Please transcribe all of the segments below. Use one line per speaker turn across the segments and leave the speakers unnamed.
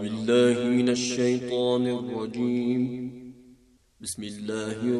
بالله من الشيطان الرجيم بسم الله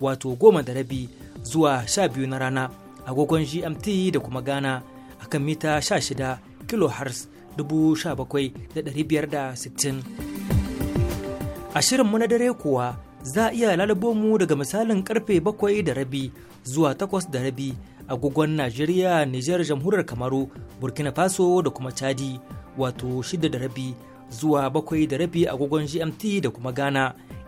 wato goma da rabi zuwa sha biyu na rana agogon gmt da kuma ghana a kan mita sha shida kilohertz dubu sha bakwai da dari biyar da sittin a shirinmu na dare kuwa za a iya lalubo mu daga misalin karfe bakwai da rabi zuwa takwas da rabi agogon najeriya nijar jamhuriyar kamaru burkina faso da kuma chadi wato shida da rabi zuwa bakwai da rabi agogon gmt da kuma ghana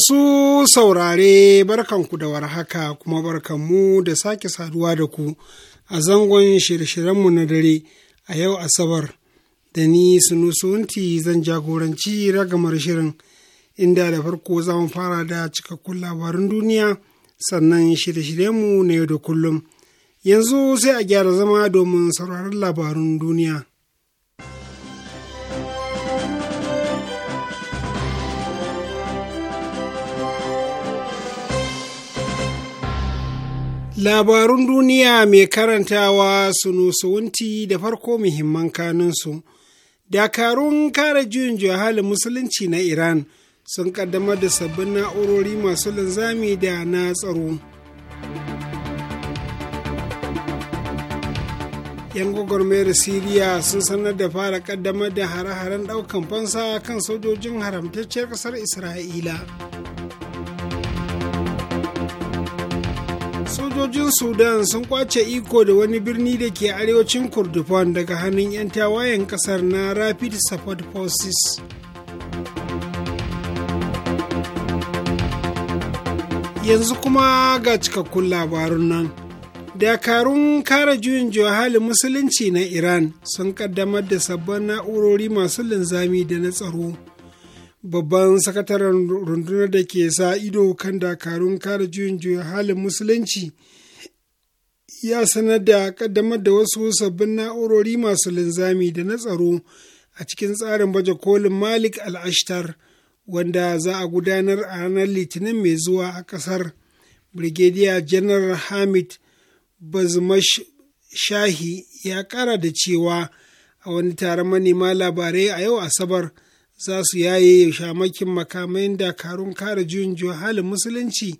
Masu saurare barkanku da warhaka kuma barkanmu da sake saduwa da ku a zangon shirye-shiryenmu na dare a yau Asabar da ni sunusunti zan jagoranci ragamar shirin inda da farko za mu fara da cikakkun labarin duniya sannan shirye-shiryenmu na yau da kullum. Yanzu sai a gyara zama domin sauraron labarun duniya. Labarun duniya mai karantawa sunusuwunti da farko muhimman kanunsu. Dakarun kare juyin juhalin musulunci na Iran sun kaddamar da sabbin na'urori masu linzami da na tsaro. Yan gwagwarmayar Siriya sun sanar da fara kaddamar da hare-haren ɗaukan fansa kan sojojin haramtacciyar ƙasar Isra'ila. sojojin sudan sun kwace iko da wani birni da ke arewacin kurdufan daga hannun 'yan tawayen kasar na rapid support forces yanzu kuma ga cikakkun labarun nan dakarun kare juyin juhalin musulunci na iran sun kaddamar da sabbin na'urori masu linzami da na tsaro babban sakataren rundunar da ke sa ido kan dakarun kare juyin juyin halin musulunci ya sanar da kaddamar da wasu sabbin na'urori masu linzami da na tsaro a cikin tsarin baje kolin malik al'ashtar wanda za a gudanar a ranar litinin mai zuwa a kasar brigadier general hamid bazmash shahi ya kara da cewa a wani taron manema labarai a yau asabar. za su yaye shamakin makamain dakarun kare juyin halin musulunci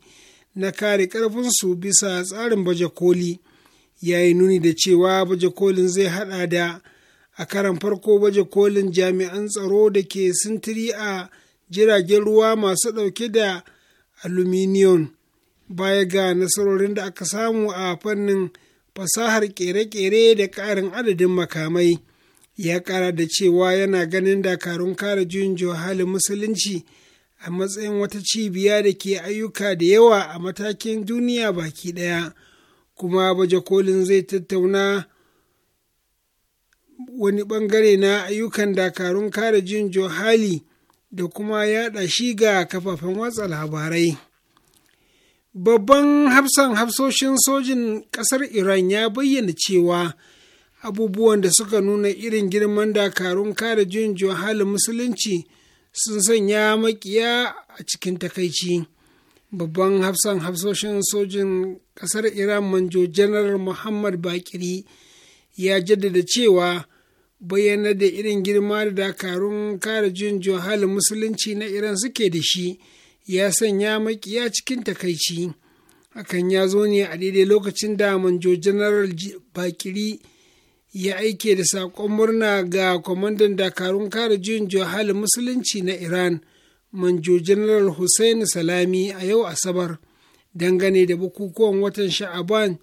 na kare ƙarfinsu bisa tsarin baje koli ya yi nuni da cewa baje kolin zai haɗa da a karan farko baje kolin jami'an tsaro da ke sintiri a jiragen ruwa masu ɗauke da aluminium baya ga nasarorin da aka samu a fannin fasahar ƙere-ƙere da ƙarin adadin makamai. ya kara da cewa yana ganin dakarun kare juyin halin musulunci a matsayin wata cibiya da ke ayyuka da yawa a matakin duniya baki ɗaya kuma baje kolin zai tattauna wani ɓangare na ayyukan dakarun kare juyin hali da kuma yaɗa shi ga kafafen watsa labarai babban hafsan hafsoshin sojin ƙasar iran ya bayyana cewa abubuwan da suka nuna irin girman dakarun kare juyin halin musulunci sun sanya makiya a cikin takaici babban hafsan hafsoshin sojin ƙasar iran manjo janar muhammad bakiri ya jaddada cewa bayyana da irin girma da dakarun kare juyin halin musulunci na iran suke da shi ya sanya makiya cikin takaici hakan ya zo ne a daidai lokacin da manjo janar bakiri ya aike da saƙon murna ga kwamandan dakarun kare juyin johal musulunci na iran manjo janar hussaini salami a yau asabar dangane da bukukuwan watan sha'aban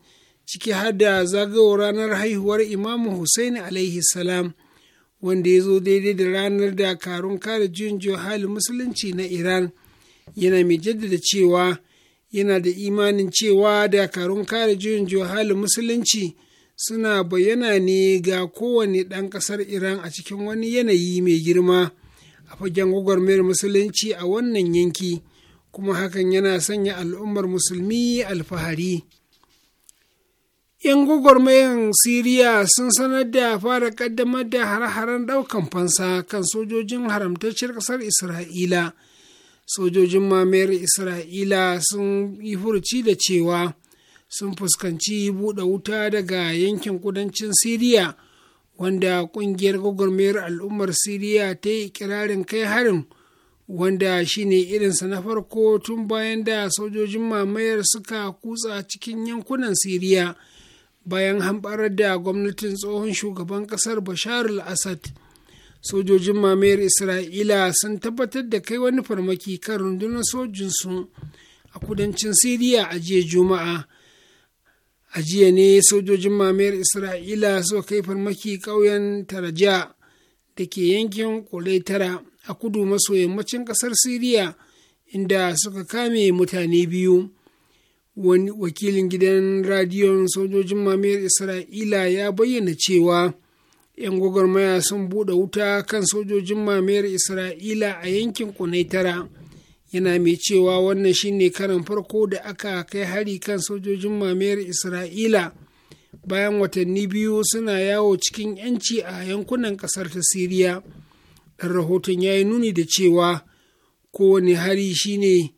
ciki har da zagayowar ranar haihuwar imamu hussaini alaihi salam wanda ya zo daidai da ranar dakarun kare jin johal musulunci na iran yana mai jaddada cewa yana da imanin cewa dakarun kare juyin johal musulunci suna bayyana ne ga kowane ɗan ƙasar Iran a cikin wani yanayi mai girma a fagen gwagwarmayar musulunci a wannan yanki, kuma hakan yana sanya al'ummar musulmi alfahari. ‘Yan gwagwarmayar Siriya sun sanar da fara ƙaddamar da har haren ɗaukan fansa kan sojojin haramtacciyar ƙasar Isra'ila. Sojojin mamayar Isra'ila sun yi furuci da cewa. sun fuskanci buɗe wuta daga yankin kudancin siriya wanda ƙungiyar gwagwarmayar al'ummar siriya ta yi kirarin kai harin wanda shine irinsa na farko tun bayan da sojojin mamayar suka kutsa cikin yankunan siriya bayan hamɓarar da gwamnatin tsohon shugaban ƙasar bashar al-assad sojojin mamayar isra'ila sun tabbatar da kai wani farmaki kan rundunar sojinsu a kudancin siriya a jiya juma'a a jiya ne sojojin mamayar isra'ila suka kai farmaki ƙauyen taraja da ke yankin tara a kudu maso yammacin ƙasar siriya inda suka kame mutane biyu wani wakilin gidan radiyon sojojin mamayar isra'ila ya bayyana cewa 'yan gwagwarmaya sun buɗe wuta kan sojojin mamayar isra'ila a yankin tara. yana mai cewa wannan shine karan farko da aka kai hari kan sojojin mamayar isra'ila bayan watanni biyu suna yawo cikin yanci a yankunan kasar ta siriya ɗan rahoton ya yi nuni da cewa kowane hari shine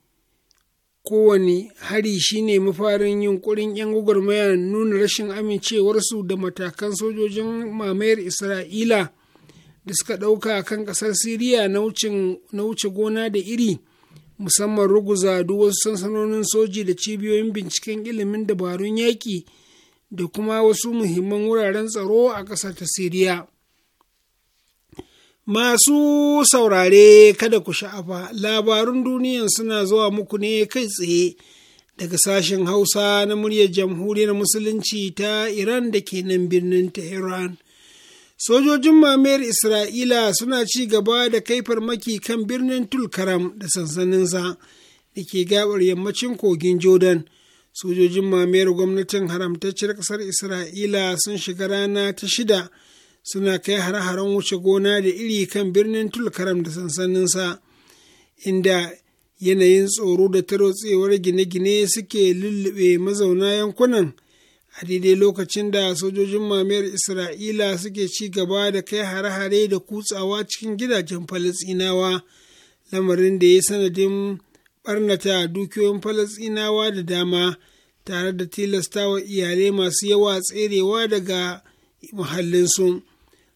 kowane hari shine mafarin yunkurin 'yan gwagwarmaya nuna rashin amincewarsu da matakan sojojin mamayar isra'ila da suka ɗauka kan ƙasar siriya na wuce gona da iri musamman ruguza duk wasu sansanonin soji da cibiyoyin binciken ilimin dabarun yaƙi da kuma wasu muhimman wuraren tsaro a ƙasar ta siriya masu saurare kada ku sha'afa labarun duniyan suna zuwa muku ne kai tsaye daga sashen hausa na muryar jamhuriyar musulunci ta iran da ke nan birnin tehran Sojojin mamayar Isra'ila suna ci gaba da kai farmaki kan birnin Tulkaram da sansaninsa da ke gabar yammacin kogin Jordan. Sojojin mamayar gwamnatin haramtacciyar ƙasar Isra'ila sun shiga rana ta shida suna kai har-haren wuce gona da iri kan birnin Tulkaram da sansaninsa, inda yanayin tsoro da tarotsewar gine-gine suke lullube mazauna yankunan. a daidai lokacin da sojojin mamayar isra'ila suke ci gaba da kai hare-hare da kutsawa cikin gidajen falasinawa lamarin da ya sanadin barnata dukiyoyin falasinawa da dama tare da tilastawa iyalai masu yawa tserewa daga muhallinsu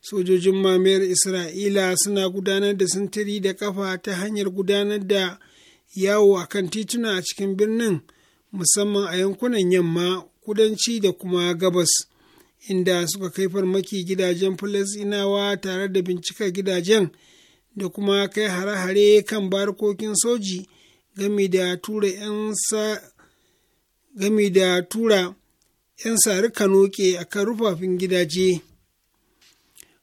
sojojin mamayar isra'ila suna gudanar da sintiri da kafa ta hanyar gudanar da yawo a kan tituna a cikin birnin musamman a yankunan yamma kudanci da kuma gabas inda suka kai farmaki gidajen falasinawa tare da bincika gidajen da kuma kai hare-hare kan barkokin soji gami da tura 'yan game da tura 'yan a kan rufafin gidaje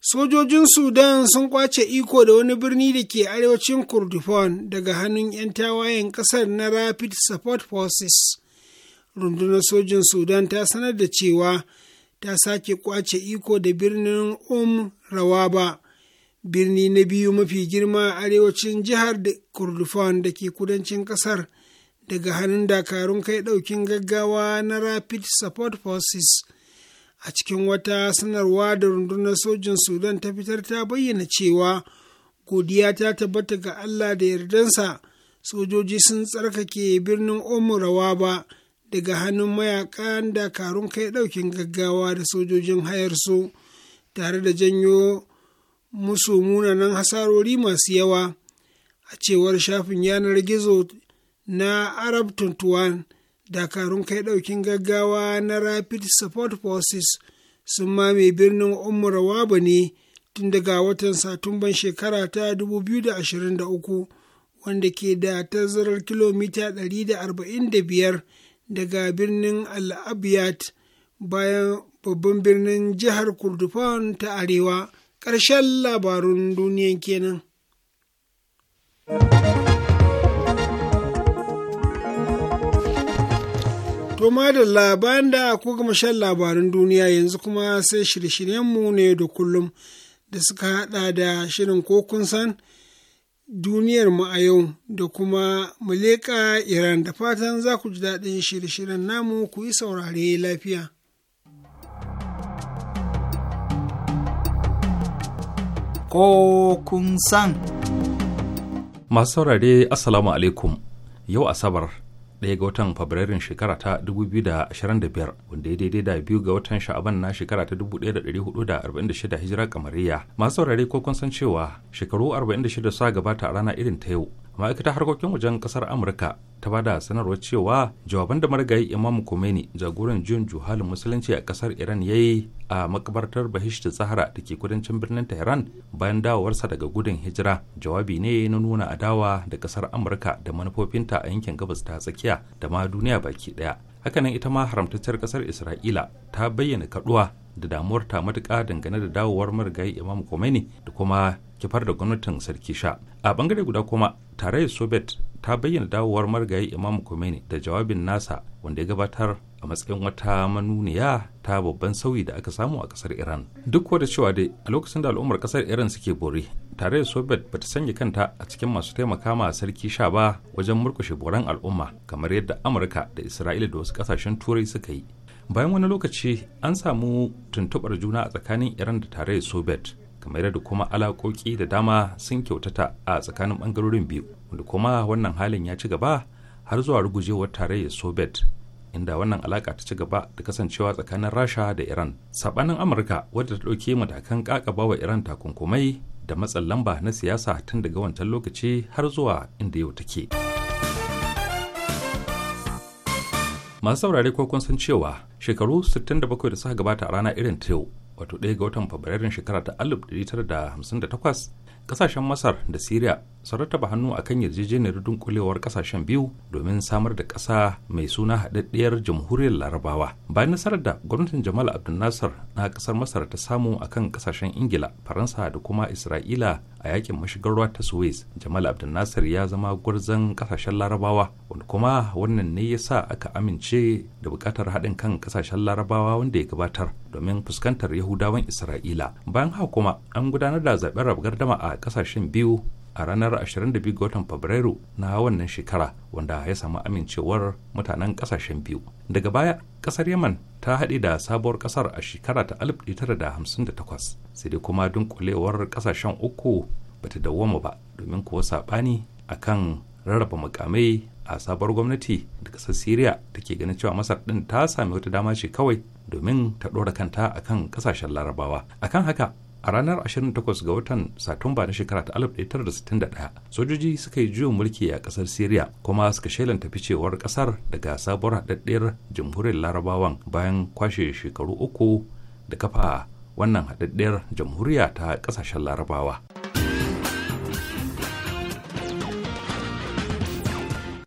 sojojin sudan sun kwace iko da wani birni da ke arewacin kurdifon daga hannun 'yan tawayen kasar na rapid support forces rundunar sojin sudan ta sanar da cewa ta sake kwace iko da birnin um rawaba birni na biyu mafi girma a arewacin jihar kurdufan da ke kudancin kasar daga hannun dakarun kai daukin gaggawa na rapid support forces a cikin wata sanarwa da rundunar sojin sudan ta fitar ta bayyana cewa godiya ta tabbata ga allah da yardansa sojoji sun tsarkake birnin omu umm rawa ba daga hannun mayakan dakarun kai ɗaukin gaggawa da sojojin hayar su tare da janyo musu munanan hasarori masu yawa a cewar shafin yanar gizo na arab 21 dakarun kai ɗaukin gaggawa na rapid support forces sun mame birnin ba ne tun daga watan satumban shekara ta 2023 wanda ke da tazarar kilomita 145 daga birnin al'abiyat bayan babban birnin jihar kurdufan ta arewa ƙarshen labarun duniyan kenan. To madalla bayan da ku gama shan labarin duniya yanzu kuma sai shirye-shiryenmu ne da kullum da suka haɗa da shirin ko kun san duniyar mu a yau da kuma muleka Iran da fatan za ku ji daɗin shirye-shiryen namu ku yi saurare lafiya.
Ko kun san.
Masu saurare 'asalamu alaikum, yau Asabar. ɗaya ga watan fabrairun shekara ta 2025 wanda ya daidai da biyu ga watan sha'aban na shekara ta 1446 hijira kamariya masu saurare ko kun san cewa shekaru 46 sa gabata a rana irin ta yau ma'aikatar harkokin wajen kasar amurka ta bada sanarwar cewa jawaban da marigayi imam khomeini jagoran juyin juhalin musulunci a kasar iran ya yi a makabartar bahish zahara da ke kudancin birnin tehran bayan dawowarsa daga gudun hijira jawabi ne na nuna adawa da kasar amurka da manufofinta a yankin gabas ta tsakiya da ma duniya baki daya hakanan ita ma haramtacciyar kasar isra'ila ta bayyana kaduwa da damuwar ta matuka dangane da dawowar marigayi imam khomeini da kuma kifar da gwamnatin sarki sha a bangare guda kuma tarayyar soviet ta bayyana dawowar margayi imam khomeini da jawabin nasa wanda ya gabatar a matsayin wata manuniya ta babban sauyi da aka samu a kasar iran duk da cewa dai a lokacin da al'ummar kasar iran suke bore tarayyar soviet bata sanya kanta a cikin masu taimaka ma sarki sha ba wajen murkushe boran al'umma kamar yadda amurka da isra'ila da wasu kasashen turai suka yi bayan wani lokaci an samu tuntubar juna a tsakanin iran da tarayyar soviet kamar da kuma alakoki da dama sun kyautata a tsakanin ɓangarorin biyu wanda kuma wannan halin ya ci gaba har zuwa rugujewar tarayyar soviet inda wannan alaka ta ci gaba da kasancewa tsakanin rasha da iran saɓanin amurka wadda ta ɗauke matakan ƙaƙaba wa iran takunkumai da matsan lamba na siyasa tun daga wancan lokaci har zuwa inda yau take masu saurare ko san cewa shekaru 67 da suka gabata a rana irin ta yau wato ɗaya ga watan fabrairun shekara ta 1958 kasashen masar da syria sun rattaba hannu kan yarjejeniyar dunkulewar kasashen biyu domin samar da ƙasa mai suna haɗaɗɗiyar jamhuriyar larabawa bayan nasarar da gwamnatin jamal abdul nasar na ƙasar masar ta samu a kan ƙasashen ingila faransa da kuma isra'ila a yakin mashigar ruwa ta suez jamal abdul nasar ya zama gwarzon ƙasashen larabawa wanda kuma wannan ne ya sa aka amince da buƙatar haɗin kan ƙasashen larabawa wanda ya gabatar domin fuskantar yahudawan isra'ila bayan haka kuma an gudanar da zaɓen rabgar dama a ƙasashen biyu a ranar 22 ga watan fabrairu na wannan shekara wanda ya samu amincewar mutanen kasashen biyu daga baya kasar yaman ta haɗe da sabuwar kasar a shekara ta 1958 sai dai kuma dunkulewar kasashen uku bata dawoma ba domin kuwa saɓani a kan rarraba mukamai a sabuwar gwamnati da kasar syria ke ganin cewa masar ɗin ta sami wata dama ce kawai domin ta ɗora kanta a kan kasashen larabawa a kan haka a ranar 28 ga watan satumba na shekara ta 1961 sojoji suka yi juyin mulki a kasar syria kuma suka shelanta ficewar kasar daga sabuwar haɗaɗɗiyar jamhuriyar larabawan bayan kwashe shekaru uku da kafa wannan haɗaɗɗiyar jamhuriya ta ƙasashen larabawa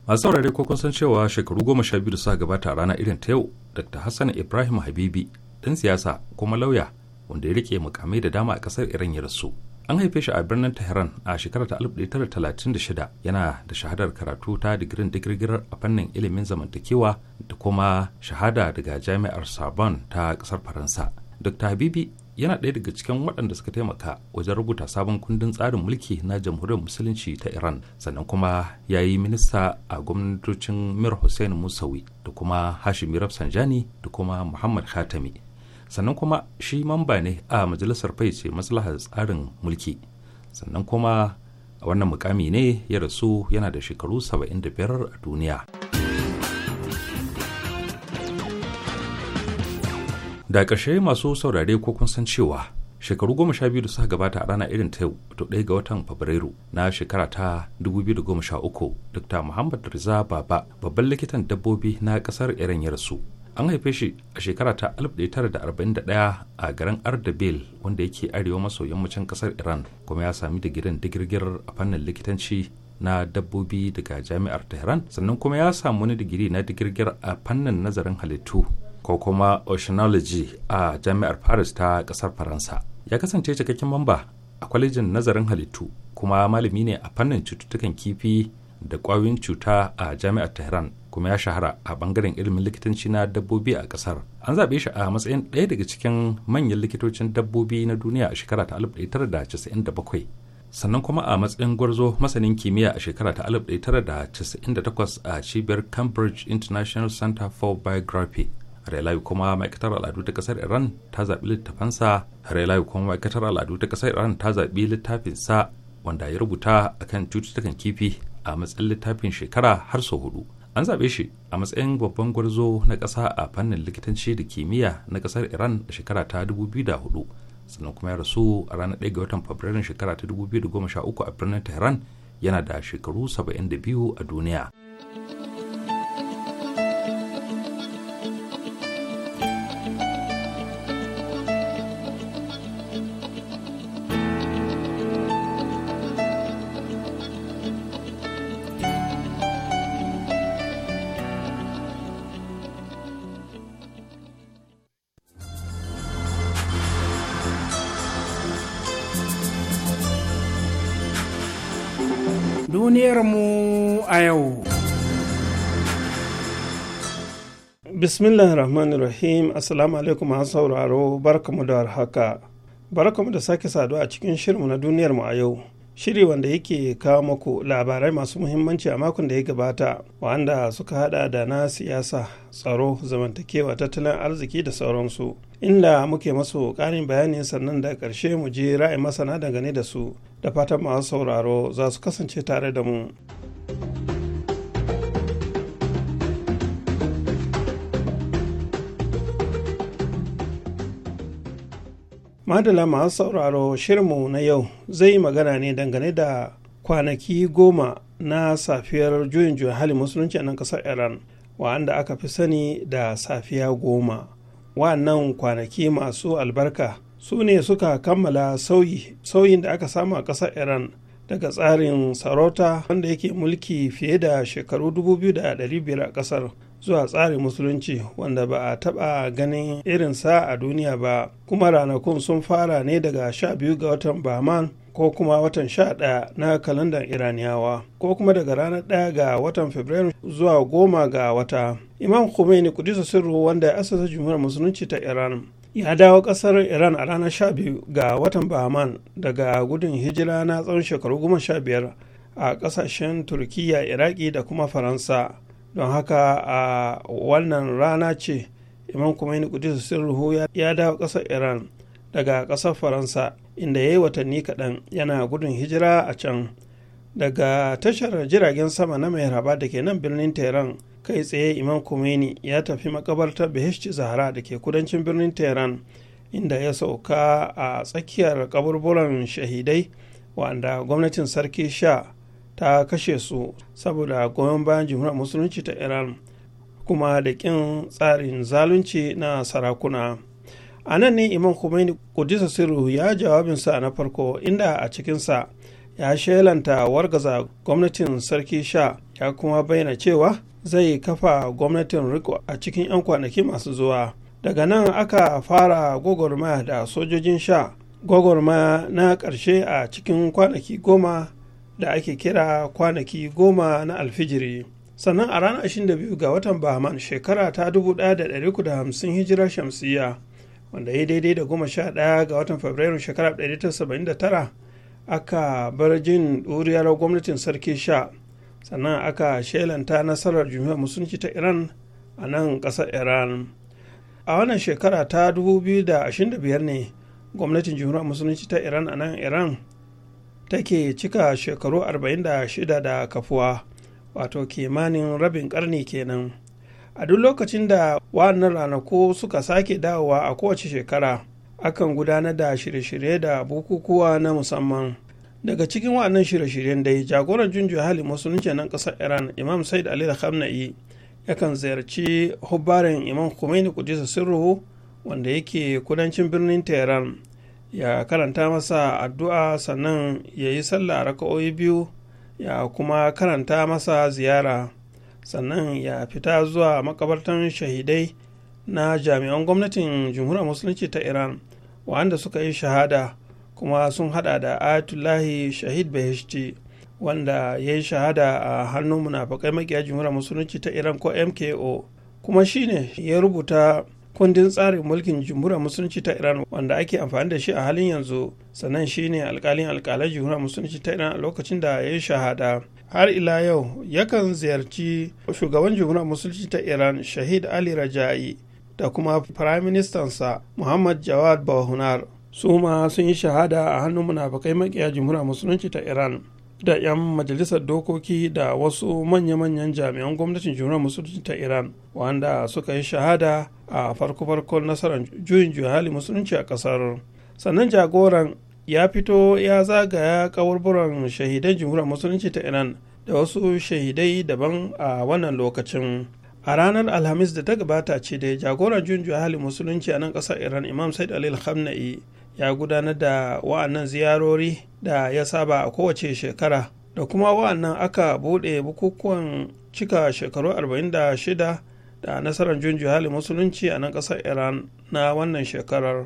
masu saurare ko kun cewa shekaru goma sha biyu da suka gabata a rana irin ta yau dr hassan ibrahim habibi ɗan siyasa kuma lauya wanda ya rike mukamai da dama a kasar iran ya rasu an haife shi a birnin tehran a shekarar ta 1936 yana da shahadar karatu ta digirin digirgirar a fannin ilimin zamantakewa da kuma shahada daga jami'ar sabon ta kasar faransa dr habibi yana ɗaya daga cikin waɗanda suka taimaka wajen rubuta sabon kundin tsarin mulki na jamhuriyar musulunci ta iran sannan kuma ya yi minista a gwamnatocin mir hussein musawi da kuma hashimi rafsanjani da kuma muhammad khatami sannan kuma shi mamba ne a majalisar ce maslahar tsarin mulki sannan kuma a wannan mukami ne ya rasu yana da shekaru 75 a duniya da ƙarshe masu saurare ko kun san cewa shekaru goma sha biyu da suka gabata a rana irin ta yau to ɗaya ga watan fabrairu na shekara ta 2013 dr muhammad riza baba babban likitan dabbobi na ƙasar iran ya rasu an haife shi a shekara ta 1941 a garin ardabil wanda yake arewa maso yammacin kasar iran kuma ya sami digirin digirgir a fannin likitanci na dabbobi daga jami'ar tehran sannan kuma ya samu wani digiri na digirgir a fannin nazarin halittu ko kuma oceanology a jami'ar paris ta kasar faransa ya kasance cikakken mamba a kwalejin nazarin halittu kuma malami ne a fannin cututtukan kifi da kwayoyin cuta a jami'ar tehran kuma ya shahara a bangaren ilimin likitanci na dabbobi a kasar an zaɓe shi a matsayin ɗaya daga cikin manyan likitocin dabbobi na duniya a shekara ta 1997 sannan kuma a matsayin gwarzo masanin kimiyya a shekara ta 1998 a cibiyar cambridge international center for biography Relai kuma ma'aikatar al'adu ta kasar Iran ta zaɓi littafansa, Relai kuma ma'aikatar al'adu ta kasar Iran ta zaɓi littafinsa wanda ya rubuta akan cututtukan kifi a matsayin littafin shekara har sau hudu. an zaɓe shi a matsayin babban gwarzo na ƙasa a fannin likitanci da kimiyya na ƙasar iran a shekara ta 2004 sannan kuma ya rasu a ranar 1 ga watan fabrairun shekara ta 2013 a birnin tehran yana da shekaru 72 a duniya.
yau. Bismillahir Rahmanir Rahim, Assalamu alaikum an sauraro, barkamu da warhaka. Barkamu da sake saduwa a cikin shirinmu na duniyarmu a yau. Shiri wanda yake kawo muku labarai masu muhimmanci a makon da ya gabata, wanda suka hada da na siyasa, tsaro, zamantakewa, tattalin arziki da sauransu. Inda muke masu ƙarin bayani sannan da ƙarshe mu je ra'ayi masana dangane da su, da fatan masu sauraro za su kasance tare da mu. madala masu sauraro shirinmu na yau zai yi magana ne dangane da kwanaki goma na safiyar juyin juyin hali musulunci a nan kasar iran wa'anda aka fi sani da safiya goma wa'annan kwanaki masu albarka su ne suka kammala sauyi sauyin da aka samu a kasar iran daga tsarin sarauta wanda yake mulki fiye da shekaru 2,500 a kasar zuwa tsarin musulunci wanda ba a taɓa ganin irinsa a duniya ba kuma ranakun sun fara ne daga 12 ga watan bahman ko kuma watan 11 na kalandar iraniyawa ko kuma daga ranar 1 ga watan fabrairu zuwa goma ga wata imam khomeini kudisa sirru wanda ya asasa jumhuriyar musulunci ta iran ya dawo kasar iran a ranar 12 ga watan bahman daga gudun hijira na tsawon shekaru 15 a kasashen turkiya iraki da kuma faransa don haka a wannan rana ce imam kumaini kudisu sirruhu ya dawo ƙasar iran daga ƙasar faransa inda ya yi watanni kaɗan yana gudun hijira a can daga tashar jiragen sama na mai raba da ke nan birnin tehran kai tsaye imam kumaini ya tafi makabartar beheshti zahara da ke kudancin birnin tehran inda ya sauka a tsakiyar kaburburan shahidai wanda gwamnatin sarki sha ta kashe su saboda goyon bayan jimhuriyar musulunci ta iran kuma da ƙin tsarin zalunci na sarakuna a nan ne imam khomeini kudisa siru ya jawabinsa na farko inda a cikinsa ya shelanta wargaza gwamnatin sarki sha ya kuma bayyana cewa zai kafa gwamnatin riko a cikin 'yan kwanaki masu zuwa daga nan aka fara gwagwarmaya da sojojin sha gwagwarmaya na ƙarshe a cikin kwanaki goma da ake kira kwanaki goma na alfijiri sannan a ranar 22 ga watan bahman shekara ta 1350 hijira shamsiya wanda ya daidai da goma sha ɗaya ga watan fabrairu shekara 1979 aka bar jin ɗuriyar gwamnatin sarki sha sannan aka shelanta nasarar jami'ar musulunci ta iran a nan ƙasar iran a wannan shekara ta 2025 ne gwamnatin jami'ar musulunci ta iran a nan iran take cika shekaru 46 da kafuwa wato kimanin rabin karni kenan a duk lokacin da wannan ranaku suka sake dawowa a kowace shekara akan gudanar da shirye-shirye da bukukuwa na musamman daga cikin wa'annan shirye-shiryen dai jagoran junjo hali musulunci nan ƙasar iran imam said ali da khamna'i yakan ziyarci hubbarin imam khomeini kudisa sirruhu wanda yake kudancin birnin tehran ya karanta masa addu'a sannan ya yi sallah raka'o'i biyu ya kuma karanta masa ziyara sannan ya fita zuwa makabartan shahidai na jami'an gwamnatin jamhuriyar musulunci ta iran wanda suka yi shahada kuma sun hada da ayatullahi shahid bahishti wanda ya yi shahada a hannun munafakai makiya jamhuriyar musulunci ta iran ko mko kuma shine ya rubuta kundin tsarin mulkin jumhuriyar musulunci ta iran wanda ake amfani da shi a halin yanzu sannan shine alkalin alkalai jumhuriyar musulunci ta iran a lokacin da ya yi shahada har ila yau yakan ziyarci shugaban jumhuriyar musulunci ta iran shahid ali rajai da kuma firayim ministansa muhammad jawad bahunar su ma sun yi shahada a hannun munafukai makiya jumhuriyar musulunci ta iran da 'yan majalisar dokoki da wasu manya-manyan jami'an gwamnatin jumhuriyar musulunci ta iran wanda suka yi shahada a farko-farkon nasarar juyin juhali musulunci a kasar sannan jagoran ya fito ya zagaya kawarburan shahidan jihunan musulunci ta iran da wasu shahidai daban a wannan lokacin a ranar alhamis da ta gabata ce da jagoran juyin juhali musulunci a nan kasar iran imam said alil khamna'i ya gudanar da wa'annan ziyarori da ya saba a kowace shekara da kuma wa'annan aka buɗe bukukuwan cika shekaru 46 da nasarar junju hali musulunci a nan ƙasar iran na wannan shekarar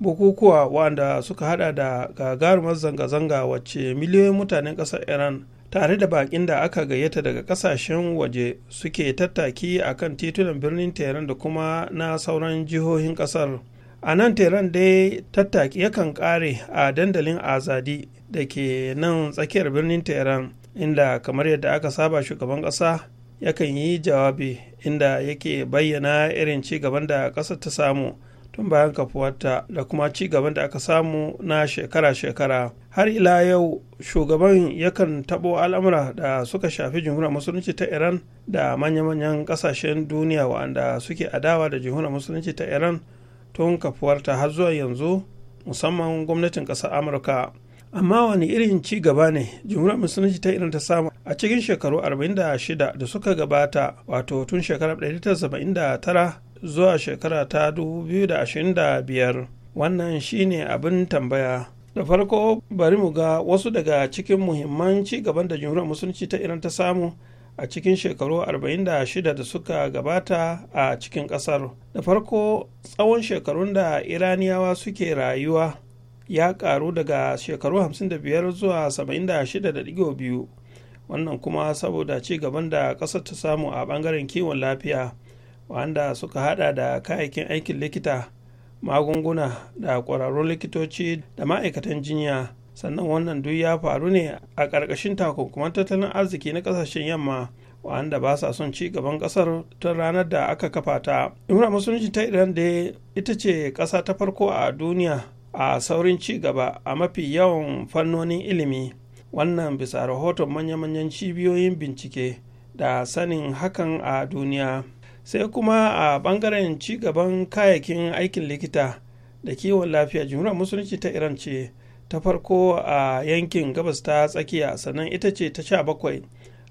bukukuwa wa'anda suka hada da gagarumar zanga-zanga wacce miliyoyin mutanen ƙasar iran tare da bakin da aka gayyata daga kasashen waje suke tattaki akan kan titunan birnin tehran da kuma na sauran jihohin kasar a nan teran dai tattaki yakan kare a dandalin azadi da ke nan tsakiyar birnin tehran inda kamar yadda aka saba shugaban ƙasa yakan yi jawabi inda yake bayyana irin ci gaban da kasa ta samu tun bayan kafuwarta da kuma ci gaban da aka samu na shekara-shekara har ila yau shugaban yakan tabo al'amura da suka shafi jihunan musulunci ta iran da manya-manyan kasashen duniya wa'anda suke adawa da jihunan musulunci ta iran tun kafuwarta har zuwa yanzu musamman gwamnatin ƙasar amurka amma wani irin ci gaba ne jumhuriyar musulunci ta irin ta samu a cikin shekaru 46 da suka gabata wato tun shekarar 1979 zuwa shekara ta 2025 wannan shine abin tambaya da farko bari mu ga wasu daga cikin muhimman ci gaban da jumhuriyar musulunci ta irin ta samu a cikin shekaru 46 da suka gabata a cikin ƙasar da farko tsawon shekarun da iraniyawa suke rayuwa ya ƙaru daga shekaru 55 zuwa 76.2 wannan kuma saboda ci gaban da ƙasar ta samu a ɓangaren kiwon lafiya wanda suka hada da kayayyakin aikin likita magunguna da ƙwararrun likitoci da ma'aikatan jinya sannan wannan duk ya faru ne a ƙarƙashin takunkuman tattalin arziki na ƙasashen yamma wanda ba sa son ci gaban ƙasar tun ranar da aka kafa ta imra musulunci ta iran da ita ce ƙasa ta farko a duniya a saurin ci gaba a mafi yawan fannonin ilimi wannan bisa rahoton manya-manyan cibiyoyin bincike da sanin hakan a duniya sai kuma a ɓangaren ci gaban kayayyakin aikin likita da kiwon lafiya jumhuriyar musulunci ta iran ce ta farko a yankin gabas ta tsakiya sannan ita ce ta sha bakwai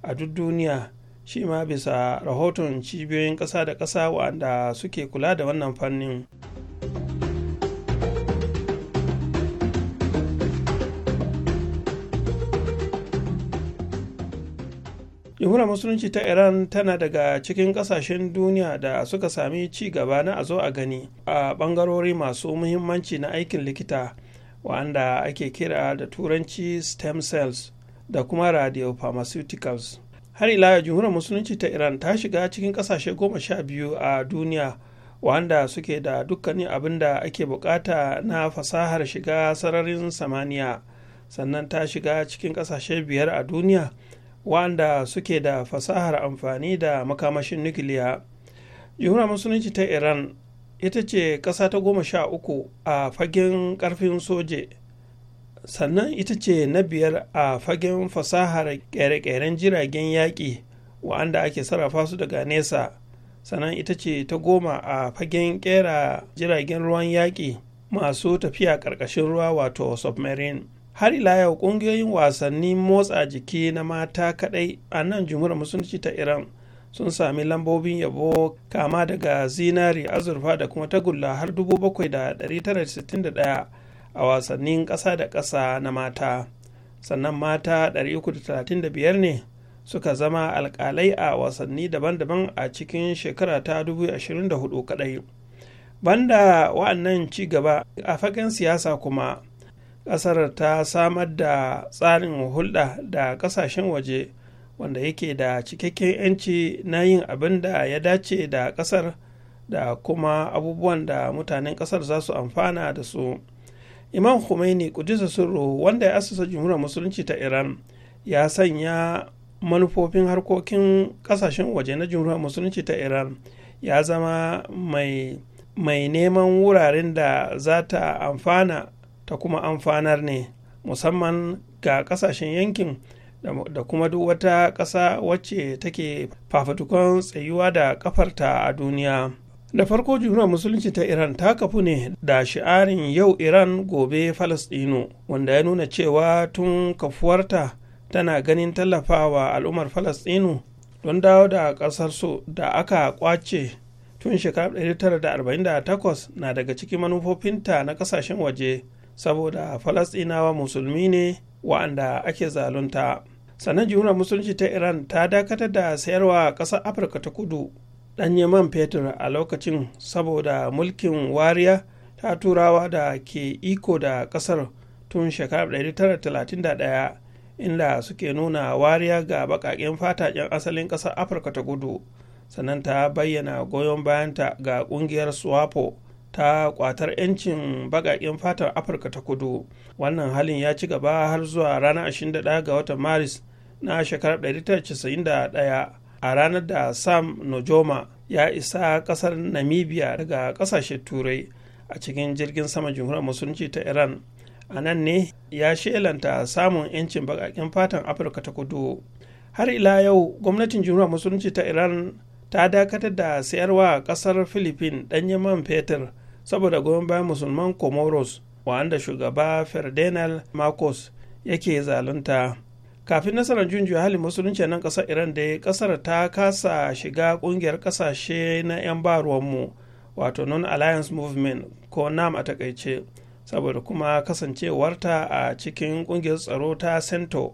a duk duniya shi ma bisa rahoton cibiyoyin ƙasa da ƙasa waɗanda suke kula da wannan fannin. jamhuriyar musulunci ta iran tana daga cikin kasashen duniya da suka sami ci gaba na azo a gani a bangarori masu muhimmanci na aikin likita wanda ake kira da turanci stem cells da kuma radiopharmaceuticals har ila juhura musulunci ta iran ta shiga cikin kasashe goma sha biyu a duniya wanda suke da dukkanin abin da ake bukata na fasahar shiga sararin samaniya sannan ta shiga cikin kasashe biyar a duniya wanda suke da fasahar amfani da makamashin nukiliya juhura musulunci ta iran ita ce ƙasa ta goma sha uku a fagen ƙarfin soje sannan ita ce na biyar a fagen fasahar ƙere-ƙeren jiragen yaƙi wa'anda ake sarrafa su daga nesa sannan ita ce ta goma a fagen ƙera jiragen ruwan yaƙi masu tafiya ƙarƙashin ruwa wato submarine har ila yau ƙungiyoyin wasannin motsa jiki na mata kaɗai a nan jumhuriyar musulunci ta iran sun sami lambobin yabo kama daga zinari azurfa da kuma tagulla har 7,961 a wasannin ƙasa da ƙasa na mata sannan mata 335 ne suka zama alƙalai a wasanni daban-daban a cikin shekara ta 2024 kadai banda wa'annan ci gaba a fagen siyasa kuma ƙasar ta samar da tsarin hulɗa da ƙasashen waje wanda yake da cikakken 'yanci na yin abin da ya dace da ƙasar da kuma abubuwan da mutanen ƙasar za su amfana da su imam khomeini kudisa sirru wanda ya asasa jumhuriyar musulunci ta iran ya sanya manufofin harkokin ƙasashen waje na jumhuriyar musulunci ta iran ya zama mai mai neman wuraren da za ta amfana ta kuma amfanar ne musamman ga ƙasashen yankin da kuma duk wata ƙasa wacce take fafatukan tsayuwa da ƙafarta a duniya da farko juna musulunci ta iran ta kafu ne da shi'arin yau iran gobe falasɗinu wanda ya nuna cewa tun kafuwarta tana ganin tallafawa al'ummar falasɗinu don dawo da ƙasarsu da aka kwace tun shekarar 1948 na daga cikin manufofinta na ƙasashen waje saboda falasɗinawa musulmi ne wa'anda ake zalunta. sannan jumhuriyar musulunci ta iran ta dakatar da sayarwa ƙasar afirka ta kudu ɗanye man fetur a lokacin saboda mulkin wariya ta turawa da ke iko da ƙasar tun shekarar 1931 inda suke nuna wariya ga baƙaƙen fataƙen asalin ƙasar afirka ta kudu sannan ta bayyana goyon bayanta ga ƙungiyar swapo ta kwatar 'yancin baƙaƙen fatar afirka ta kudu wannan halin ya ci gaba har zuwa ranar 21 ga watan maris na shekarar 1991 a ranar da sam nojoma ya isa kasar namibia daga kasashen turai a cikin jirgin sama jamhuriyar musulunci ta iran a nan ne ya shelanta samun 'yancin baƙaƙen fatan afirka ta kudu har ila yau gwamnatin jamhuriyar musulunci ta iran ta dakatar da sayarwa kasar philippines ɗanyen man fetur saboda goyon bayan musulman comoros wanda shugaba ferdinand marcos yake zalunta kafin nasarar junjiya halin musulunci nan kasar iran da kasar ta kasa shiga kungiyar kasashe na 'yan baruwanmu wato non alliance movement ko nam a takaice saboda kuma kasancewarta a cikin kungiyar tsaro ta sento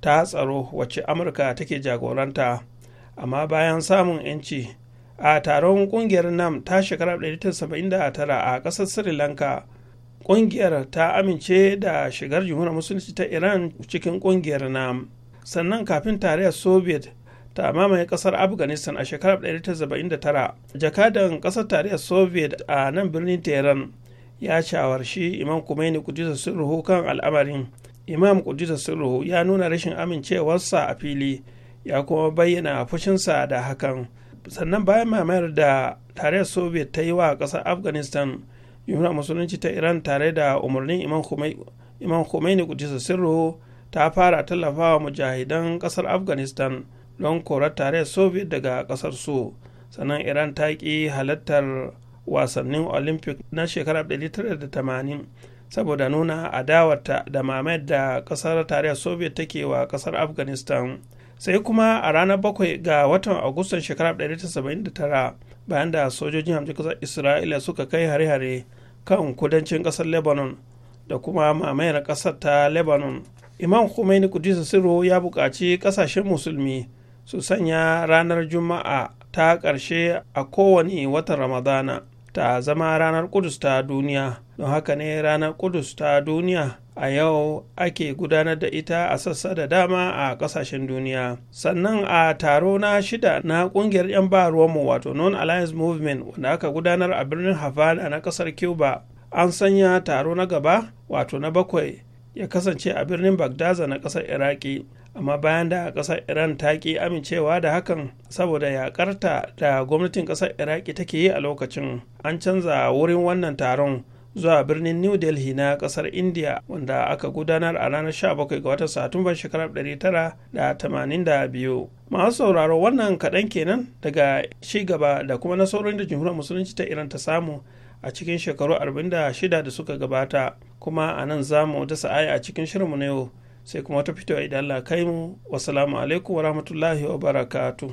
ta tsaro wacce amurka take jagoranta amma bayan samun 'yanci a taron kungiyar nam ta shekarar 1979 a kasar sri lanka kungiyar ta amince da shigar jamhuriyar musulunci ta iran cikin kungiyar nam sannan kafin tarayyar soviet ta mamaye kasar afghanistan a shekarar 1979 jakadan kasar tarayyar soviet a nan birnin tehran ya shawarci imam kumaini kudisa sulhu kan al'amarin imam kudisa sirruhu ya nuna rashin amincewarsa a fili ya kuma bayyana fushinsa da hakan sannan bayan mamayar da tarayyar soviet ta yi wa ƙasar afghanistan yuna musulunci ta iran tare da umarnin imam khomeini kudisa sirru ta fara tallafa wa mujahidan ƙasar afghanistan don korar tarayyar soviet daga ƙasar su sannan iran ta ƙi halartar wasannin olympic na shekarar 1980 saboda nuna adawarta da mamayar da ƙasar tarayyar soviet take wa ƙasar afghanistan sai kuma a ranar bakwai ga watan agustan shekarar 1979 bayan da sojojin hamshin kasar isra'ila suka kai hare-hare kan kudancin kasar lebanon da kuma mamayar kasar ta lebanon imam khomeini kudisa siro ya buƙaci kasashen musulmi su sanya ranar juma'a ta ƙarshe a kowane watan ramadana ta zama ranar Kudus ta duniya don haka ne ranar Kudus ta duniya a yau ake gudanar da ita a sassa da dama a kasashen duniya sannan a taro na shida na kungiyar 'yan ba ruwanmu wato non-alliance movement wanda aka gudanar a birnin havana na kasar cuba an sanya taro na gaba wato na bakwai ya kasance a birnin bagdaza na kasar iraki amma bayan da ƙasar iran ta ki amincewa da hakan saboda yaƙarta da gwamnatin ƙasar iraki take yi a lokacin an canza wurin wannan taron zuwa birnin new delhi na kasar india wanda aka gudanar a ranar 17 ga watan satumban shekarar 1982 masu sauraro wannan kaɗan kenan daga shi gaba da kuma nasarorin da jamhuriyar musulunci ta iran ta samu a cikin shekaru 46 da suka gabata kuma a nan za mu dasa aya a cikin shirinmu na yau sai kuma wata fito idan Allah kai mu wasu alaikum wa rahmatullahi wa barakatu.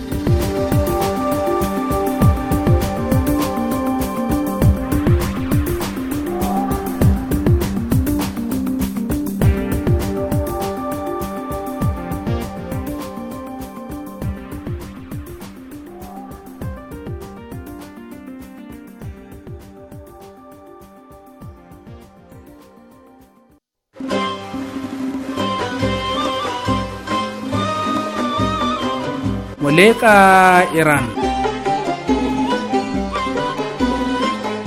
Muleka Iran.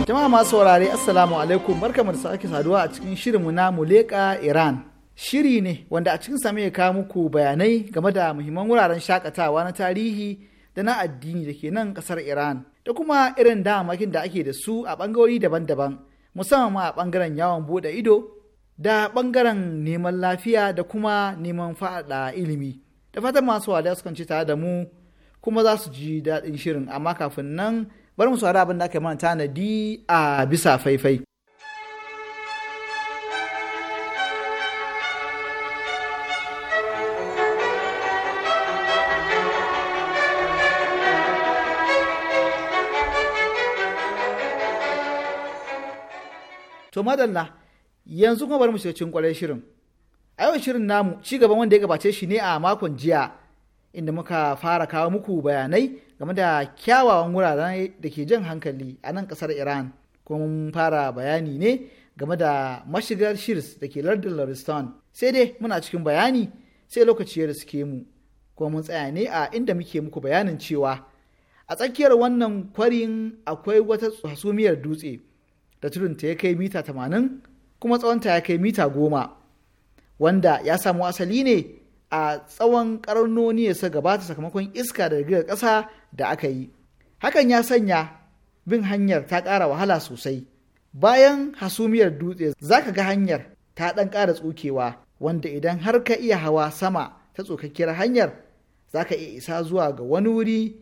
Jama'a masu saurare Assalamu alaikum barkamu da sake saduwa a cikin shirinmu na Muleka Iran. Shiri ne wanda a cikin same kawo muku bayanai game da muhimman wuraren shakatawa na tarihi da na addini da ke nan kasar Iran da kuma irin damakin da ake da su a bangarori daban-daban musamman ma a bangaren yawon bude ido da bangaren neman lafiya da kuma neman faɗa ilimi. da fatan masu da su ci tare da mu kuma za su ji daɗin shirin amma kafin nan bari mu saurari abin da aka yi mana tanadi a bisa faifai. To madalla yanzu kuma bari mu shiga cikin shirin. a yau shirin namu ci gaban wanda ya gabace shi ne a makon jiya inda muka fara kawo muku bayanai game da kyawawan wuraren da ke jan hankali a nan kasar iran kuma mun fara bayani ne game da mashigar shirs da ke lardin lariston sai dai muna cikin bayani sai lokaci ya riske mu kuma mun tsaya ne a inda muke muku bayanin cewa a tsakiyar wannan kwarin akwai wata hasumiyar dutse da tudunta ya kai mita 80 kuma tsawonta ya kai mita goma. wanda ya samu asali ne a tsawon karnoni ya sa gabata sakamakon iska da girgizar ƙasa da aka yi hakan ya sanya bin hanyar ta ƙara wahala sosai bayan hasumiyar dutse za ka ga hanyar ta ɗan ƙara tsukewa wanda idan har ka iya hawa sama ta tsokakkiyar hanyar za ka iya isa zuwa ga wani wuri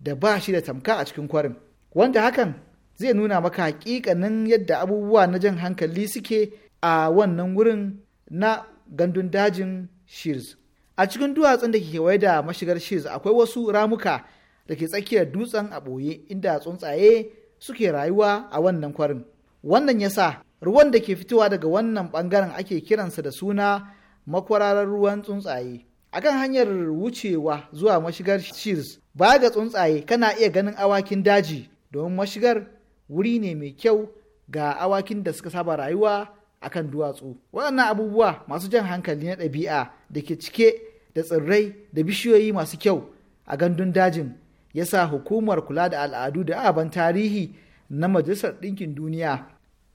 da ba shi da tamka a cikin kwarin wanda hakan zai nuna maka hakikanin yadda abubuwa na jan hankali suke a wannan wurin na gandun dajin Shears. A cikin duwatsun da ke kewaye da mashigar Shears akwai wasu ramuka da ke tsakiyar dutsen a ɓoye inda tsuntsaye suke rayuwa a wannan kwarin. Wannan ya sa ruwan da ke fitowa daga wannan ɓangaren ake kiransa da suna makwararar ruwan tsuntsaye. Akan hanyar wucewa zuwa mashigar Shears, baya ga tsuntsaye kana iya ganin awakin daji domin mashigar wuri ne mai kyau ga awakin da suka saba rayuwa akan duwatsu waɗannan abubuwa masu jan hankali na ɗabi'a da ke cike da tsirrai da bishiyoyi masu kyau a gandun dajin ya sa hukumar kula da al'adu da aban tarihi na majalisar ɗinkin duniya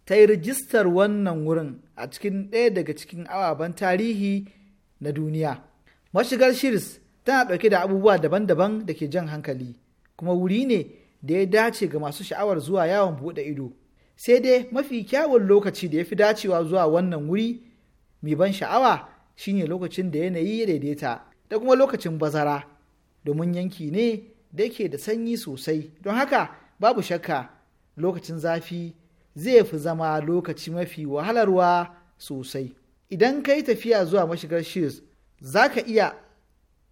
ta yi rijistar wannan wurin a cikin ɗaya daga cikin ababen tarihi na duniya mashigar shiris tana ɗauke da abubuwa daban-daban da ke jan hankali kuma wuri ne da ya dace ga masu sha'awar zuwa yawon buɗe ido sai dai mafi kyawun lokaci da ya fi dacewa zuwa wannan wuri mai ban sha'awa shine lokacin da yanayi ya daidaita da kuma lokacin bazara domin yanki ne da yake da sanyi sosai don haka babu shakka lokacin zafi zai fi zama lokaci mafi wahalarwa sosai idan ka yi tafiya zuwa mashigar shiz za ka iya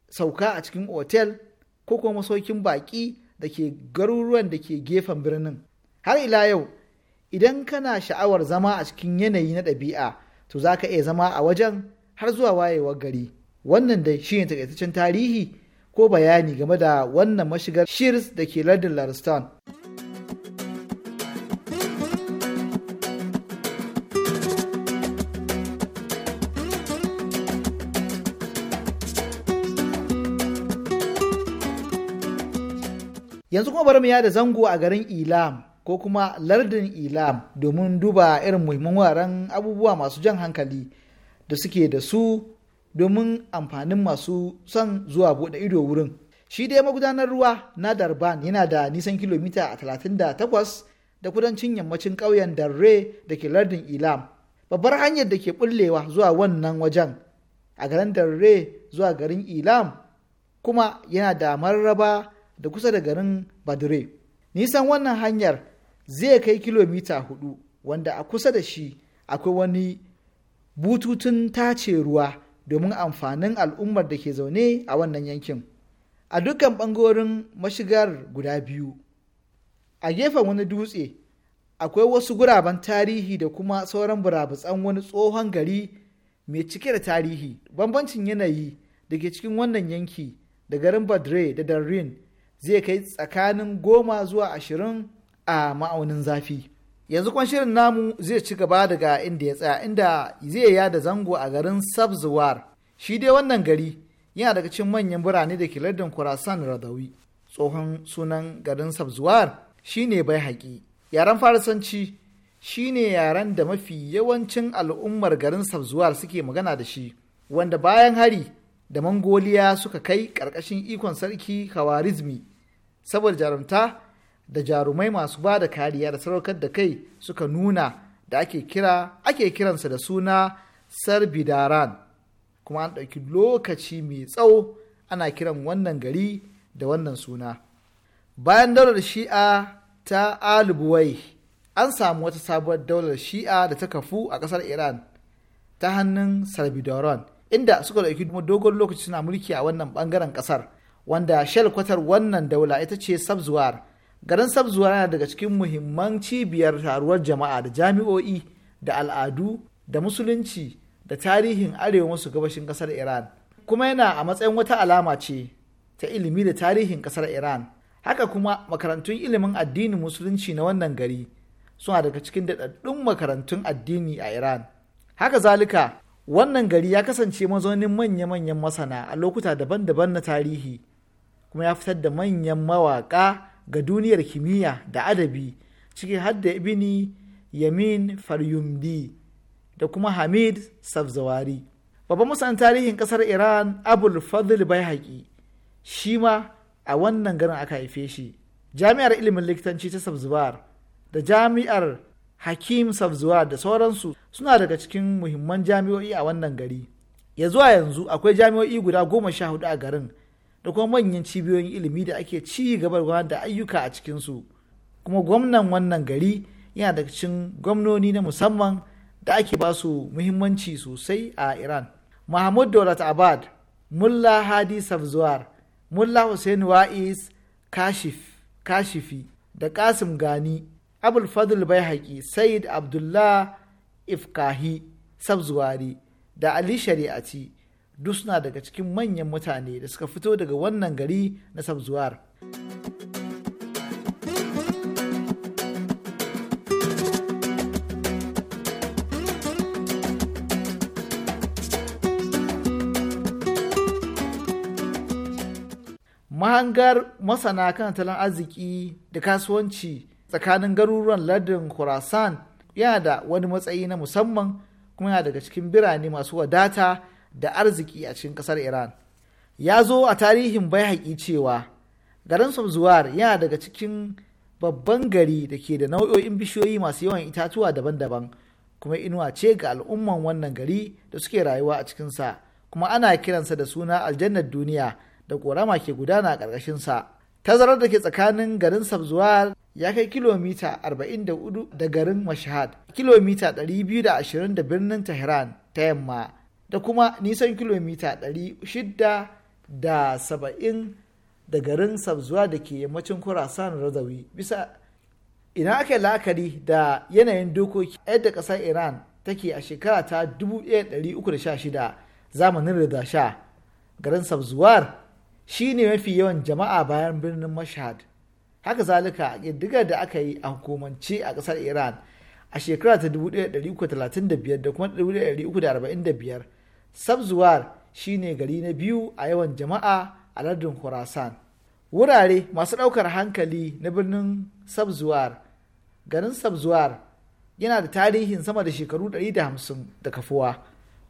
sauka a cikin otel ko kuma masaukin baƙi da ke garuruwan da ke gefen birnin har ila yau idan kana sha'awar zama a cikin yanayi na ɗabi'a to za ka iya zama a wajen har zuwa wayewar gari wannan da shi ne takaitaccen tarihi ko bayani game da wannan mashigar Shirs da ke lardin laristan yanzu kuma bari mu yada zango a garin ilam ko kuma lardin ilam domin duba irin muhimman wuraren abubuwa masu jan hankali da suke da su domin amfanin masu son zuwa buɗe ido wurin shi dai magudanar ruwa na darban yana da nisan kilomita 38 da kudancin yammacin ƙauyen darre da ke lardin ilam babbar hanyar da ke bullewa zuwa wannan wajen a garin darre zuwa garin ilam kuma yana da mararraba da kusa da garin badire nisan wannan hanyar zai kai kilomita hudu wanda a kusa da shi akwai wani bututun tace ruwa domin amfanin al'ummar da ke zaune a wannan yankin a dukkan ɓangarorin mashigar guda biyu a gefen wani dutse akwai wasu guraben tarihi da kuma sauran burabutsan wani tsohon gari mai cike da tarihi bambancin yanayi da ke cikin wannan yanki da garin badre da darrin zai kai tsakanin goma zuwa ashirin a ma'aunin zafi yanzu kwan shirin namu zai ci gaba daga inda ya tsaya inda zai yada zango a garin sabzuwar shi dai wannan gari yana daga cikin manyan birane da ke lardin kurasan radawi tsohon sunan garin sabzuwar shine bai haƙi yaren farisanci shine yaren da mafi yawancin al'ummar garin sabzuwar suke magana da shi wanda bayan hari da mangoliya suka kai ƙarƙashin ikon sarki kawarizmi saboda jarumta da jarumai masu ba da kariya da saraukar da kai suka nuna da ake kira ake kiransa da suna sarbidaran kuma an ɗauki lokaci mai tsawo ana kiran wannan gari da wannan suna bayan daular shi'a ta alibuwai an samu wata sabuwar daular shi'a da ta kafu a ƙasar iran ta hannun sarbidaran inda suka ɗauki dogon lokaci suna mulki a wannan ɓangaren ƙasar wanda shalkwatar wannan daula ita ce sabzuwar garin sabzuwa yana daga cikin muhimman cibiyar taruwar jama'a da jami'o'i da al'adu da musulunci da tarihin arewa masu gabashin kasar iran kuma yana a matsayin wata alama ce ta ilimi da tarihin kasar iran haka kuma makarantun ilimin addinin musulunci na wannan gari suna daga cikin daɗaɗɗun makarantun addini a iran haka zalika wannan gari ya kasance mazaunin manya-manyan masana a lokuta daban-daban na tarihi kuma ya fitar da manyan mawaƙa ga duniyar kimiyya da adabi ciki har da ibini yamin faryumdi da kuma hamid safzawari babban musan tarihin kasar iran abul fadl bai shi ma a wannan garin aka haife shi jami'ar ilimin likitanci ta Safzawar da jami'ar hakim Safzawar da sauransu suna daga cikin muhimman jami'o'i a wannan gari ya zuwa yanzu akwai jami'o'i guda goma sha hudu a garin da kuma manyan cibiyoyin ilimi da ake ci gaba da ayyuka a cikinsu kuma gwamnan wannan gari yana da cikin gwamnoni na musamman da ake ba su muhimmanci sosai a iran mahmud dorat abad mulla hadi safzuwar mulla hussein wa'is kashif kashifi da kasim gani abul fadl bai said abdullah ifkahi safzuwari da ali shari'ati duk suna daga cikin manyan mutane da suka fito daga wannan gari na sabzuwar. mahangar masana kan tattalin arziki da kasuwanci tsakanin garuruwan lardin khorasan yana da wani matsayi na musamman kuma yana daga cikin birane masu wadata da arziki a cikin kasar iran ya zo a tarihin bai cewa garin samzuwar yana daga cikin babban gari da ke da nau'o'in bishiyoyi masu yawan itatuwa daban-daban kuma inuwa ce ga al'umman wannan gari da suke rayuwa a cikinsa kuma ana kiransa da suna aljannar duniya da ƙorama ke gudana a ƙarƙashinsa tazarar da ke tsakanin garin sabzuwar ya kai kilomita 44 da garin mashahad kilomita 220 da birnin tehran ta yamma da kuma nisan kilomita 670 da garin sabzuwa da ke yammacin kurasan razawi bisa ina aka la'akari da yanayin dokoki yadda kasar iran take a shekara ta 1316 zamanin da sha garin sabzuwar shi ne mafi yawan jama'a bayan birnin mashhad haka zalika a ƙiddigar da aka yi a hukumance a ƙasar iran a shekara ta 1335 da kuma 1345 sabzuwar shine gari na biyu a yawan jama'a a lardin khurasan wurare masu ɗaukar hankali na birnin sabzuwar garin sabzuwar yana da tarihin sama da shekaru 150 da kafuwa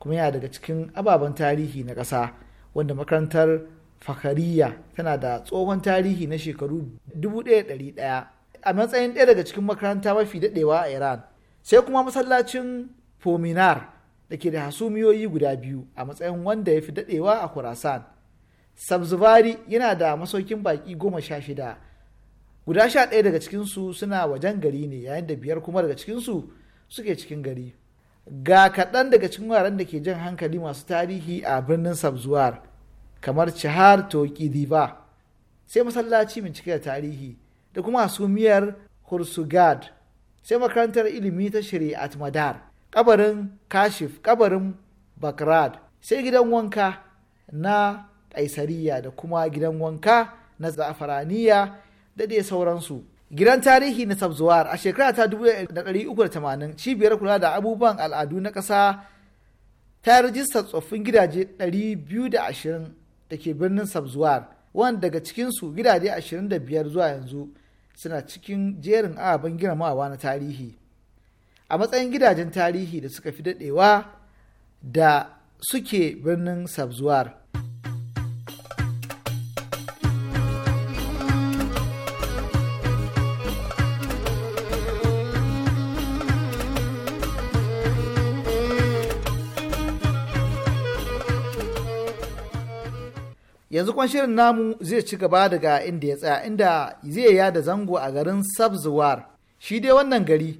kuma yana daga cikin ababen tarihi na ƙasa wanda makarantar fakariya tana da tsohon tarihi na shekaru 1100 a matsayin ɗaya daga cikin makaranta mafi daɗewa a iran sai kuma masallacin fominar da ke da hasumiyoyi guda biyu a matsayin wanda ya fi dadewa a kurasan. Sabzuvari yana da masaukin baki goma sha shida. Guda sha ɗaya daga cikinsu suna wajen gari ne yayin da biyar kuma daga cikinsu suke cikin gari. Ga kaɗan daga cikin wuraren da ke jan hankali masu tarihi a birnin Sabzuwar kamar Cihar Toki Diva sai masallaci mai cike da tarihi da kuma hasumiyar Hursugad sai makarantar ilimi ta Shari'at Madar. kabarin kashif kabarin bakrad sai gidan wanka na kaisariya da kuma gidan wanka na zafaraniya da dai sauransu gidan tarihi na sabzuwar a shekara ta 1380 cibiyar kula da abubuwan al'adu na ƙasa ta rajista tsoffin gidaje 220 da ke birnin sabzuwar wanda daga cikinsu gidaje 25 zuwa yanzu suna cikin jerin ababen girmamawa na tarihi a matsayin gidajen tarihi da suka fi daɗewa da suke birnin sabzuwar yanzu kwan shirin namu zai ci gaba daga inda ya tsaya inda zai yada zango a garin sabzuwar shi dai wannan gari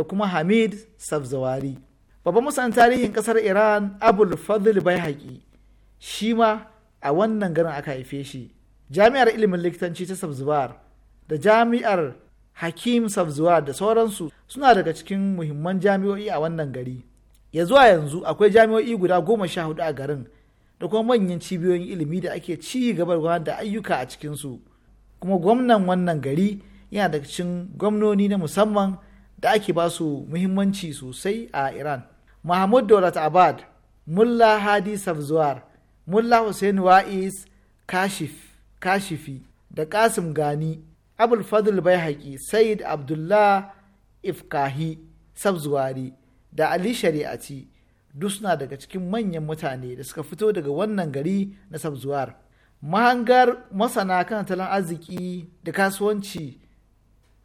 da kuma hamid safzawari babban musan tarihin kasar iran abul fadl bai shi ma a wannan garin aka haife shi jami'ar ilimin likitanci ta sabzawar. da jami'ar hakim sabzawar. da sauransu suna daga cikin muhimman jami'o'i a wannan gari ya zuwa yanzu akwai jami'o'i guda goma sha hudu a garin da kuma manyan cibiyoyin ilimi da ake ci gaba da ayyuka a cikinsu kuma gwamnan wannan gari yana da cikin gwamnoni na musamman da ake ba su muhimmanci sosai a iran mahmud dorat abad mulla hadi safzuwar mulla hussein wa'is kashif kashifi da kasim gani abul fadl bai sayid abdullah ifkahi safzuwari da ali shari'ati duk suna daga cikin manyan mutane da suka fito daga wannan gari na safzuwar mahangar masana kan tattalin arziki da kasuwanci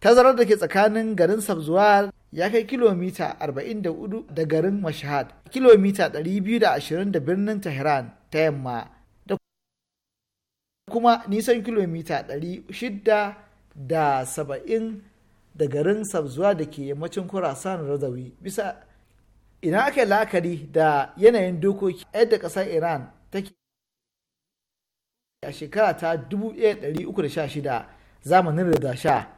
tazarar da ke tsakanin garin sabzuwar ya kai kilomita 44 da garin mashahad kilomita 220 da birnin tehran ta yamma da kuma nisan kilomita 670 da garin sabzuwa da ke yammacin kurasan razawi bisa ina aka la'akari da yanayin dokoki yadda kasar iran take a shekara ta 1316 zamanin da sha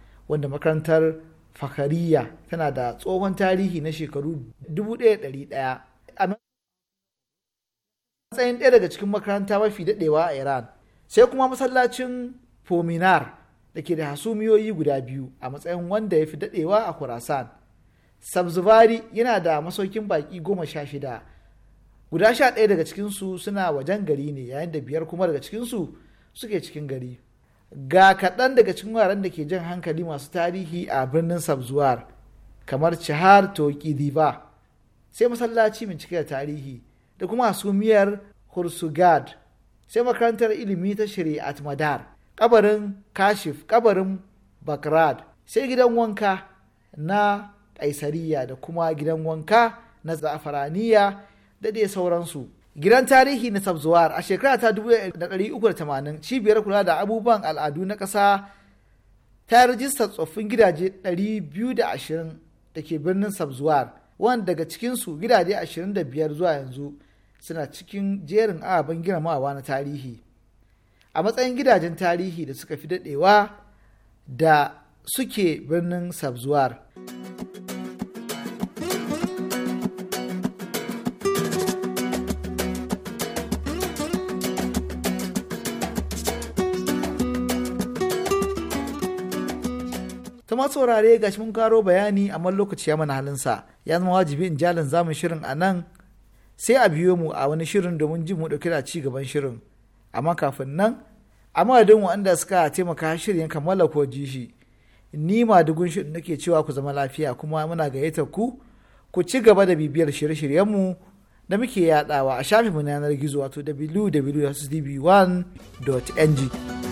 wanda makarantar fakariya tana da tsohon tarihi na shekaru 1100 a matsayin ɗaya daga cikin makaranta mafi daɗewa a iran sai kuma masallacin fominar da ke da hasumiyoyi guda biyu a matsayin wanda ya fi daɗewa a kurasan sabzuvari yana da masaukin baƙi goma sha shida guda sha ɗaya daga cikinsu suna wajen gari ne yayin da biyar kuma daga cikinsu suke cikin gari ga kaɗan daga cikin wuraren da ke jan hankali masu tarihi a birnin sabzuwar kamar cihar toki diba sai masallaci mai cike da tarihi da kuma sumiyar hursugad sai makarantar ilimi ta shari'at madar kabarin kashif kabarin bakrad sai gidan wanka na kaisariya da kuma gidan wanka na za'afaraniya da dai sauransu Gidan tarihi na Sabzuwar a shekara ta 1380 cibiyar kula da abubuwan al'adu na ƙasa ta rajista tsoffin gidaje 220 da ke birnin Sabzuwar wanda daga cikinsu gidaje 25 zuwa yanzu suna cikin jerin ababen girmamawa na tarihi. A matsayin gidajen tarihi da suka fi daɗewa da suke birnin Sabzuwar. masu saurare gashi mun karo bayani amma lokaci ya mana halin sa ya zama wajibi in jalan zamun shirin a nan sai a biyo mu a wani shirin domin jin mu dauke da ci gaban shirin amma kafin nan a madadin wanda suka taimaka shirin kammala ko ji shi ni ma dugun shirin nake cewa ku zama lafiya kuma muna gayyatar ku ku ci gaba da bibiyar shirye shiryen mu da muke yadawa a shafinmu na yanar gizo wato dot 1ng